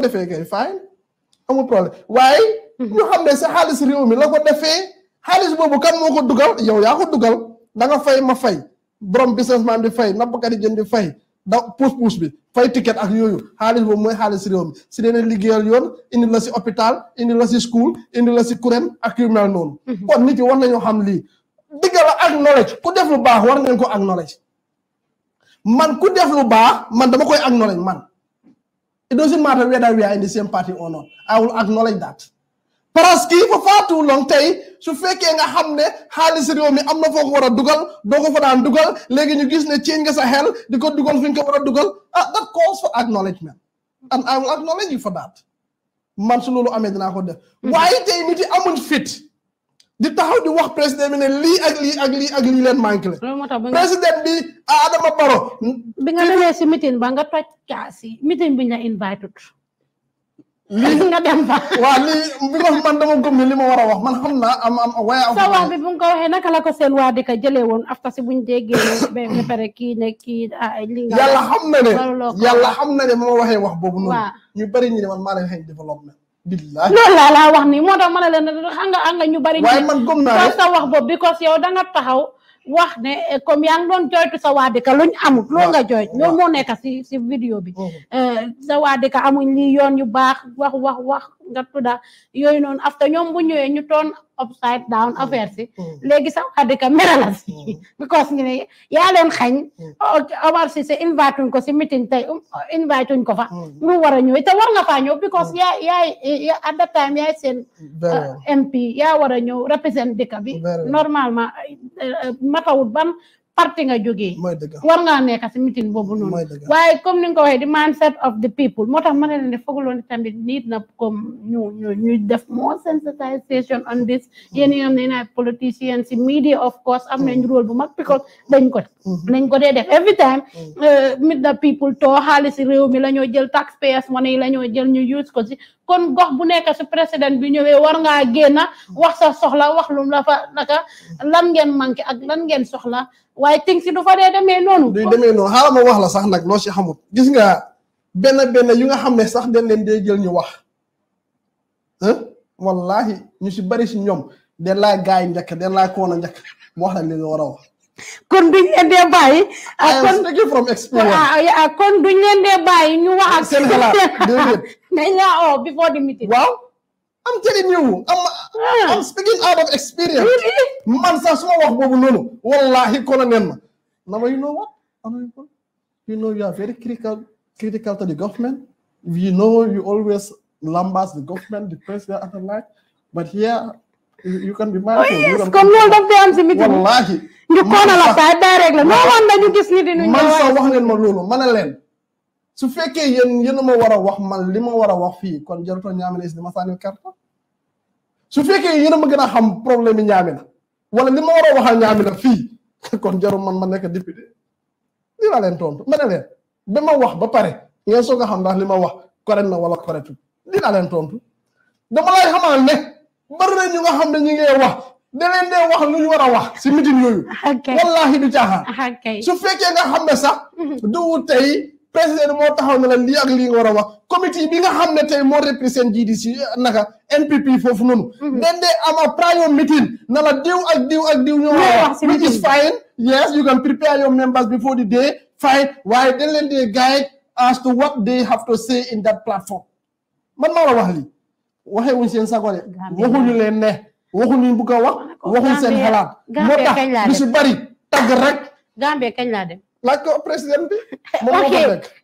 defee kay fine amul problème waaye mhm. ñu xam ne sa xaalis réew mi la ko defee xaalis boobu kan moo ko dugal yow yaa ko duggal da nga fay ma fay borom businessman bi fay nappkat yi jën di fay da puus puus bi fay ticket ak yooyu xaalis boobu mooy xaalis réew mi si dee liggéeyal yoon indi la si hôpital indi la si school indi la si kuréel ak yu mel noonu mhm. kon nit yi war nañoo xam lii digga la ak knowledge ku def lu baax war ngeen ko ak knowledge man ku def lu baax man dama koy ak knowledge man It doesn't matter whether we are in the same party or not. I will acknowledge that. parce que for far too long tey su fekkee nga xam ne xaalis réew mi am na foo war a dugal doo ko fa daan dugal léegi ñu gis ne change nga sa xel di ko dugal fi nga ko war a dugal ah that calls for acknowledgement and I will acknowledge you for that man su loolu amee dinaa ko def mm-hmm. waaye tey nit yi amuñ fit di taxaw di wax president bi ne li ak li ak li ak li len manqué la président bi a ah, adama baro bi nga dewe ci meeting ba nga toj caasi meeting bi nga invite li nga dem wa li bu ko man dama gëm ni lima wara wax man xamna am am waaye sa wax bi bu ko waxe naka la ko sen wa dika jele won afta si buñ be ne pare ki ne kii ah, li nga yàlla xam ne yalla xamna ne mo waxe wax bobu non ñu bari ñi ne man ma leen xëy development billaay loolu laa laa wax nii moo tax ma ne leen anga anga ñu bari. waaye man gëm naa sa wax boobu because yow da nga taxaw. wax ne eh, comme yaa ngi doon jooytu sa waa dëkk luñ amut loo nga jooy loolu moo nekk si si vidéo bi oh. eh, sa waa dëkk amuñ lii yoon yu baax wax wax wax nga tudda yooyu noonu after ñoom bu ñëwee ñu toon upside down mm. affaire si mm. léegi sax adika merala si mm. because ñu ne yaa leen xañ oh, Omar Ceesay invite uñ ko si meeting tey um, invite uñ ko fa lu war a ta te war nga faa ñëw because yaa yaa at time yaay seen uh, MP yaa war a ñëw represent bi normalement uh, uh, matawut ban parti nga jógee war ngaa nekk si meeting boobu noonu waaye comme ni nga ko waxee di mindset of the people moo tax ma ne na comme ñu ñu def more sensitization on this yéen ñoom ne naa politicians si media of course am nañ rôle bu mag because dañ ko mm-hmm. dañ ko dee def every time mm-hmm. uh, meet the people too xaalis si mi la ñoo jël taxpayers money la ñoo jël ñu use ko si kon gox bu nekk su président bi ñëwee war ngaa génn wax sax soxla wax lu la fa naka lan ngeen manqué ak lan ngeen soxla waaye ting si du fa dee demee noonu. du demee noonu xaaral ma wax la sax nag loo si xamut gis nga benn benn yu nga xam ne sax dañ leen dee jël ñu wax wallahi ñu si bari si ñoom den laa gaay njëkk den laa koon a njëkk mu wax la li nga war a wax. I ah, am speaking from experience. Ah, ah, before the meeting. waaw. I'm telling you I'm I'm speaking out of experience. man sax su ma wax boobu noonu. wallahi kon Now, you know what you know you are very critical critical to the government. you know you always lambast the government the president and the like but here you can be mindful. Oh, yes. comme loolu daf fee am si meeting wallaahi ñu koona la saa daa rek la noo woon dañu gis ni dinu man sax wax leen ma loolu ma ne leen su fekkee yéen yéen ma wara a wax man li ma war a wax fii kon jarutoo ñaamina is di ma sànni karta su fekkee yéen ma gën a xam problème yi wala li ma war a waxal ñaamina kon jaru man ma nekk député Di laa leen tontu ma ne leen ba ma wax ba pare ngeen soog a xam ndax li ma wax correct na wala correctul Di laa leen tontu dama lay xamal ne bari na ñu nga xam ne ñu ngi wax da leen dee wax lu ñu war a wax si mitin yooyu. wallahi du caaxaan. su fekkee nga xam ne sax. du tey président moo taxaw na la lii ak lii nga war a wax comité bi nga xam ne tey moo represent GDC naka NPP foofu noonu. Mhm. dañ dee am a prior meeting na la diw ak diw ak diw ñoo wax which is fine yes you can prepare your members before the day fine waaye dañ leen dee guide as to what they have to say in that platform man maa la wax lii. waxee seen sago de waxuñu leen ne waxuñu bu ko wax waxuñ seen xalaat moo tax lu si bari tagg rek Gambie kañ laa dem laaj ko président bi ok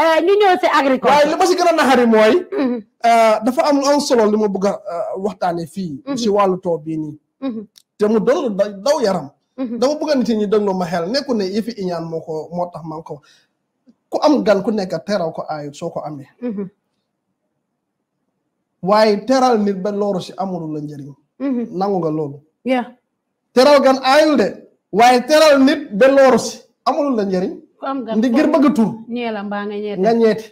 euh, ñu ñëw si agriculture waaye li ma si gën a naxari mooy mhm. euh, dafa am am solo li ma bëgg a euh, waxtaane fii mhm. si wàllu tool bii nii mhm. te mu doon daw yaram dama bëgg a nit ñi déglu ma xel nekku ne yëfi iñaan moo ko moo tax man ko ku am gan ku nekk teraw ko aayut soo ko amee waaye teral nit ba loolu si amul la njariñ mhm. nangu nga loolu. teral gan waaye teral nit ba loolu la njëriñ. ndi ngir bëgg tur. nga ñeete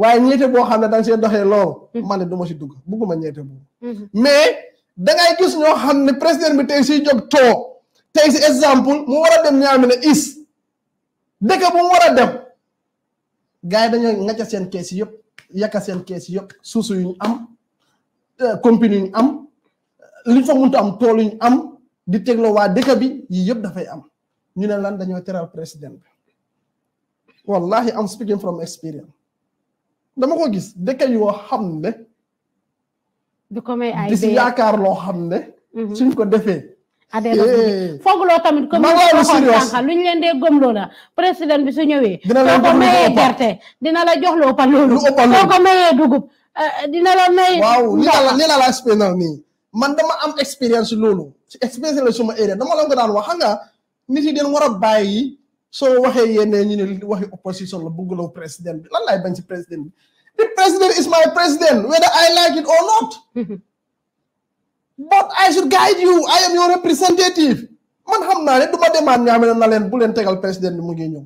waaye ñeete boo xam ne da nga see doxee loolu. Mhm. man ne dugg bugguma ñeete boobu. Mhm. mais da ngay gis ñoo xam ne président bi tey si jóg too tey si exemple mu war a dem ñaami ne is dëkk bu mu war a dem gars yi dañoo ngacca seen kees yëpp yàkka seen kees yëpp suusu yu ñu am. Eh, compagnie ñu am eh, liñ fa mënta am tool ñu am di tegloo waa dëkk bi yii yëpp dafay am ñu ne lan dañoo teral président bi wallahi am speaking from experience dama ko gis dëkk yoo xam ne du ko may ay di yaakaar loo xam ne mhm. suñ ko defee ah, eh. fogloo tamit comme sànq luñ leen dee gëmloo la président bi su ñëwee soo ko mayee gerte dina la jox lu ëppa loolu soo ko mayee dugub Eh, dina la may. waaw ni la ni la expliqué nag nii man dama am la suma area dama la ko daan wax nga nit yi den war a bàyyi soo waxee ñu waxi opposition la bugguloo président bi lan bañ président bi the president is my president whether I like it or not but I should guide you I am your representative man xam naa ne du ma demande ñaame na leen bu leen tegal président bi mu ngi ñëw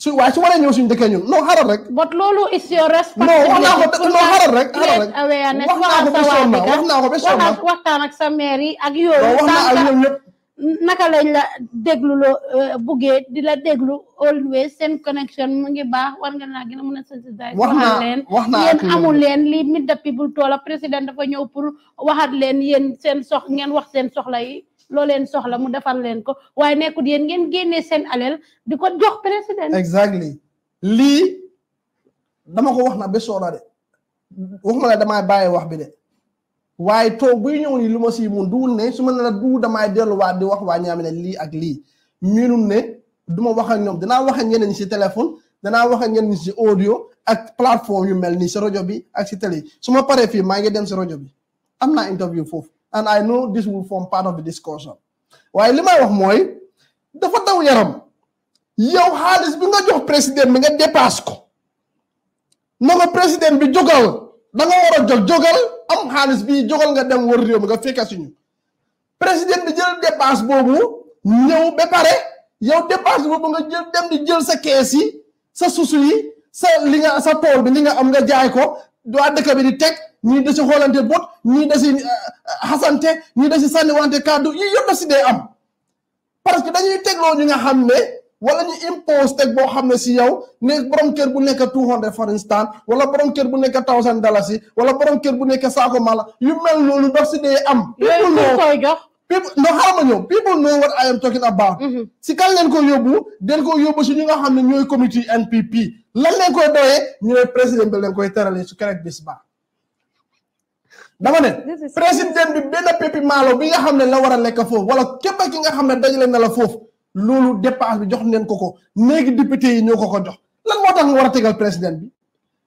su waaye su waree ñëw suñu dëkkee ñun non xaaral rek. but loolu is your responsibility. non wax naa ko non xaaral rek wax naa ko ba sonn wax naa ko ba sonn na waxtaan ak sa yi ak yooyu. waaw naka lañ la déglu loo euh, buggee di la déglu always seen connection mu ngi baax war nga naa gën a mën a sensitiser. wax naa wax naa yéen leen li mit the people toola président dafa ñëw pour waxaat leen yéen seen sox ngeen wax seen soxla yi. loo leen soxla mu defar leen ko waaye nekkut yéen ngeen génnee seen alal di ko jox président. exactly lii dama ko wax na ba soona de waxuma la damay bàyyi wax bi de waaye toog buy ñëw nii lu ma si mun duwul ne su ma ne la du damay delluwaat di wax waa ñaami ne lii ak lii miinum ne du ma ak ñoom dinaa wax ak ñeneen si téléphone danaa wax ak ñeneen si audio ak plateforme yu mel ni si rajo bi ak si télé su ma paree fii maa ngi dem si rajo bi am naa interview foofu and I know this will form part of waaye li may wax mooy dafa daw yaram yow xaalis bi nga jox président bi nga dépasse ko na président bi jógal da nga war a jóg jógal am xaalis bi jógal nga dem wër réew mi nga fekka suñu président bi jël dépasse boobu ñëw ba pare yow dépasse boobu nga jël dem di jël sa kees yi sa susu yi sa li nga sa tool bi li nga am nga jaay ko waa dëkk bi di teg ñii da si xoolante bot ñii da si euh, euh, xasante ñii da si sànniwante kàddu yi yëpp si dee am parce que dañuy tegloo ñu nga xam ne wala ñu impose teg boo xam ne si yow ne borom kër bu nekk two hundred for instance wala borom kër bu nekk thousand dalasi wala borom kër bu nekk saako mala yu mel loolu daf si dee am people no xaaral ma ñëw people know what I am talking about mm-hmm. si kan leen ko yóbbu den ko yóbbu si ñu nga xam ne ñooy comité NPP lan leen koy doyee ñu ne président bi leen koy terale su keroog bis ba dama ne président bi benn péppi maalo bi nga xam ne la war a lekk foofu wala képp ki nga xam ne dajale na la foofu loolu dépense bi jox neen ko ko néegi député yi ñoo ko ko jox lan moo tax nga war a tegal président bi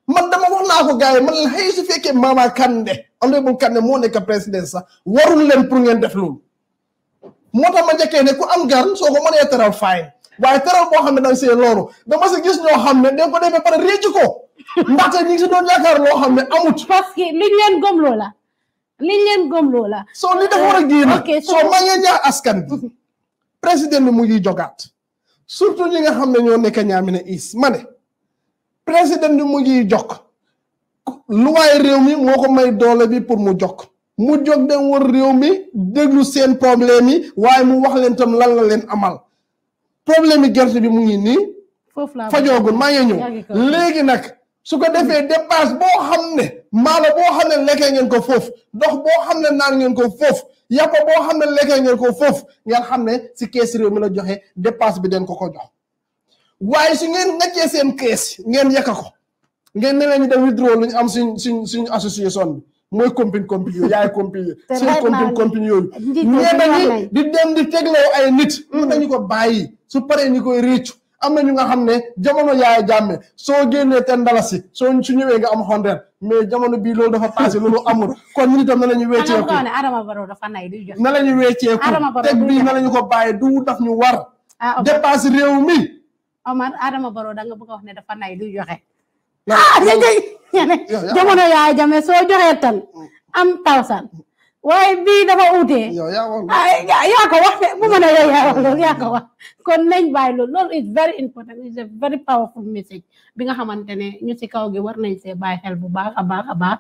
man dama wax naa ko gars man la su fekkee Mama Kandeh honorable Kandeh moo nekk président sax warul leen pour ngeen def loolu moo tax ma njëkkee ne ku am gan soo ko mënee teral fine waaye teral boo xam ne danga see loolu dama si gis ñoo xam ne dañ ko defee pare réccu ko ndaxte ni ngi si doon yaakaar loo xam ne amut. parce que liñ leen gomloo la liñ leen gomloo la. soo li dafa war a génn soo maa ngi ñaax askan mhm. président bi mu ngi jogaat surtout ñi nga xam ne ñoo nekk Ñaamina East ma ne président bi mu ngi jokk luwaay réew mi moo ko may doole bi pour mu jokk mu jog dem war réew mi déglu seen problème yi waaye mu wax leen tam lan la leen amal problème yi gerte bi mu ngi nii. fajoogun maa ngi ñëw léegi nag. su ko defee dépense boo xam ne maalo boo xam ne lekkee ngeen ko foofu dox boo xam ne naan ngeen ko foofu yàpp boo xam ne lekkee ngeen ko foofu ngeen xam ne si kees réew mi la joxe dépense bi den ko ko jox waaye si ngeen ngàccee seen kees ngeen yekka ko ngeen ne ñu dem withdraw lu ñu am suñ suñ suñ association bi mooy compine compine yooyu yaay compine yooyu seen compine compine yooyu ñeena ñi di dem di tegloo ay nit mun nañu mm. ko bàyyi su paree ñu koy réccu am na ñu nga xam ne jamono yaaya jàmme soo génnee ten dalasi soo su ñëwee nga am hundred mais jamono bii loolu dafa passé loolu amul kon ñun itam na la ñu wecceeku na la ñu wecceeku teg bii na la ñu ko bàyyi du daf ñu war ah, dépasse réew mi Omar Adama Barrow da nga bëgg a wax ne dafa nay du joxe ah jamono yaaya jàmme soo joxee tan am tawsan waaye bii dafa uute yaa wax de bu ma ne yow yaa wax loolu kon nañ baay loolu loolu is very important is a very powerful message bi nga xamante ne ñu si kaw gi war nañ see bàyyi bu baax a baax a baax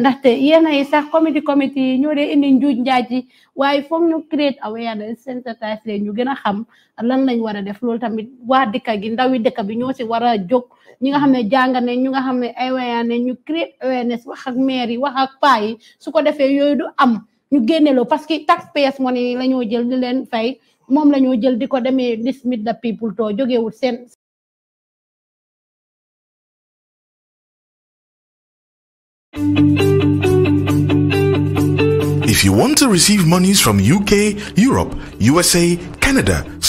ndaxte yéen ay sax comité comité yi ñoo dee indi njuuj njaaj ji waaye foog ñu create awareness sensitize leen ñu gën a xam lan lañ war a def loolu tamit waa dëkk gi ndawi dëkk bi ñoo si war a jóg ñi nga xam ne jàng nañ ñu nga xam ne ay wayaa ne ñu create awareness ak maire yi wax ak paa yi su ko defee yooyu du am ñu parce que money jël di fay jël the people If you want to receive monies from UK, Europe, USA, Canada,